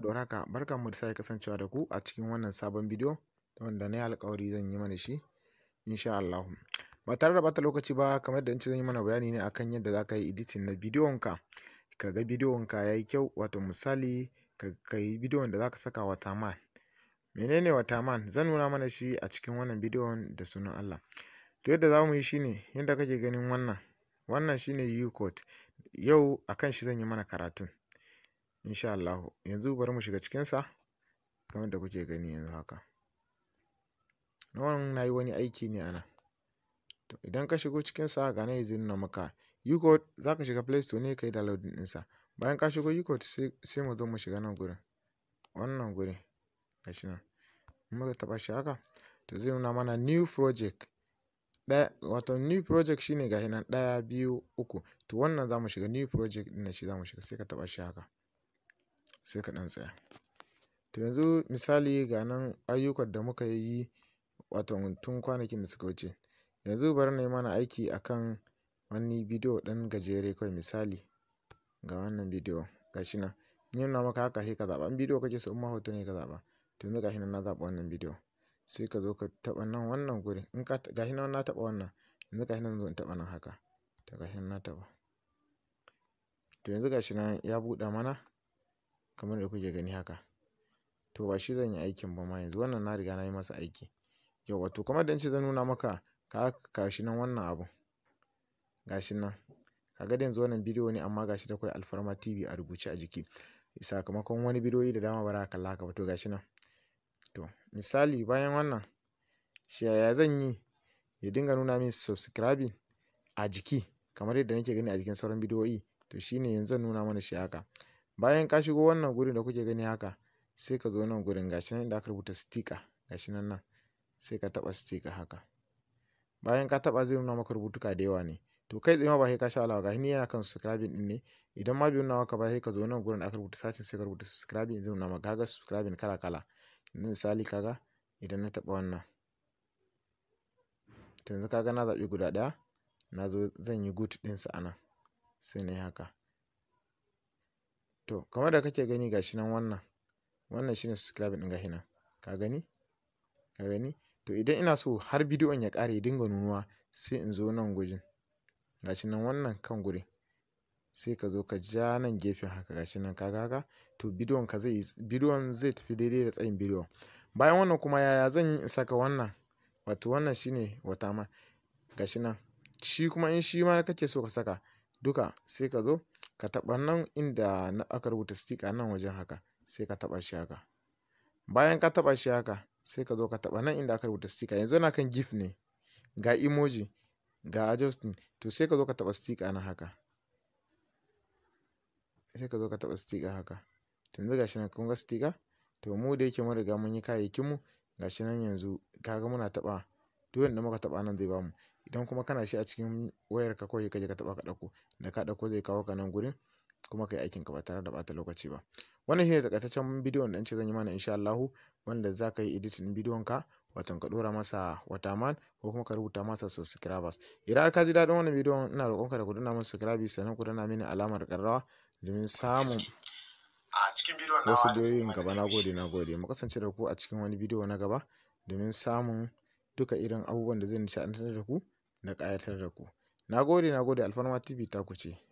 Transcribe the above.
barka da barkan mu da sake kasancewa da ku a cikin wannan sabon bidiyo wanda na yi alƙawari zan yi mana shi insha Allah ba tare da bata lokaci ba kamar da ce zan yi mana bayani ne akan yadda za ka yi editing na bidiyonka ka ga bidiyonka ya yi kyau wato misali ka yi bidiyon da za ka saka wata man menene wata man zan nuna mana shi a cikin wannan bidiyon da sunan Allah to yadda za mu yi shine yadda kake ganin wannan wannan shine u code yau akan shi zan yi mana karatun Insha Allahu. Yanzu bari mu shiga cikinsa kamar da kuke gani yanzu haka. Nan na yi wani aiki ne ana To idan ka shigo cikinsa ga nan zai maka Ucode za ka shiga Play Store ne ka yi din sa Bayan ka shigo Ucode sai mu zo mu shiga nan gurin. Wannan gurin gashi shi nan. In muka taɓa shi haka to zai nuna mana New Project. Ɗaya wato New Project shine ga nan ɗaya, biyu, uku. To wannan za mu shiga New Project ɗin nan shi za mu shiga sai ka taɓa shi haka. sai ka ɗan tsaya. To yanzu misali ga nan ayyukan da muka yi wato tun kwanakin da suka wuce. Yanzu bari na yi mana aiki a kan wani bidiyo ɗan gajere kawai misali ga wannan bidiyo ga shi nan. In na maka haka sai ka zaɓa. In bidiyo kake so in ma hoto ne ka zaɓa. To yanzu ga shi nan na zaba wannan bidiyo. Sai ka zo ka taɓa nan wannan guri In ka ga shi nan na taɓa wannan. Yanzu ga shi nan zo in taɓa nan haka. To ga shi nan na taɓa. To yanzu ga shi nan ya buɗe mana. kamar da kuke gani haka to ba shi zan yi aikin ba ma yanzu wannan na riga na yi masa aiki yauwa to kamar da nace zan nuna maka ka shi nan wannan ga gashi nan kaga da yanzu wannan bidiyo ne amma gashi da akwai alfarma tv a rubuce a jiki sakamakon wani bidiyoyi da dama bara za ka kalla haka ba to nan to misali bayan wannan shi yaya zan yi ya dinga nuna min subscribing a jiki kamar yadda nake gani a jikin sauran bidiyoyi to shine yanzu zan nuna mana shi haka bayan ka shigo wannan gurin da kuke gani haka sai ka zo nan gurin gashi nan da aka rubuta stika gashi nan nan sai ka taba stika haka bayan ka taba zai nuna maka rubutuka da yawa ne to kai tsaye ma ba sai ka sha alawa gashi ni yana kan subscribing din ne idan ma bai nuna maka ba sai ka zo nan gurin da aka rubuta sacin sai ka rubuta subscribing zai nuna maka kaga subscribing kala kala yanzu misali kaga idan na taba wannan to yanzu kaga na zabi guda daya na zo zan yi good din sa anan sai na yi haka To kamar da kake gani gashi nan wannan, wannan shine subscribe ɗin gashi nan. Ka gani? Ka gani? To idan ina so har bidiyon ya ƙare ya dinga nunuwa sai in zo nan gujin. Gashi nan wannan kan gure. Sai ka zo ka ja nan gefen haka gashi nan ka ga haka? To bidiyon ka zai, bidiyon zai tafi daidai da tsayin bidiyon. Bayan wannan kuma yaya zan yi in saka wannan? Wato wannan shine watermark gashi nan. Shi kuma in shi ma kake so ka saka duka sai ka zo ka taɓa nan inda aka rubuta stika nan wajen haka sai ka taɓa shi haka bayan ka taɓa shi haka sai ka zo ka taɓa nan inda aka rubuta stika yanzu na kan gif ne ga emoji ga adjusting to sai ka zo ka taɓa stika nan haka sai ka zo ka taɓa stika haka to yanzu gashi nan kun ga stika to mu da yake mun riga mun yi kayayyakin mu gashi nan yanzu kaga muna taɓa duk wanda muka taɓa nan zai bamu idan kuma kana shi a cikin wayarka kawai kaje ka taba ka ɗauko da ka ɗauko zai kawo ka nan gurin kuma kai aikin ka ba tare da bata lokaci ba wannan shine takaitaccen bidiyo da ce zan yi mana insha Allahu wanda za ka yi editing bidiyon ka wato ka dora masa man ko kuma ka rubuta masa subscribers idan har ka ji dadin wannan bidiyon ina roƙonka da ku danna min subscribe sannan ku danna mini alamar karrawa domin samun wasu doyin gaba na gode na gode mu kasance da ku a cikin wani bidiyo na gaba domin samun duka irin abubuwan da zai nishaɗantar da ku na ƙayatar da ku. Na gode, na gode Alfarma TV ku ce.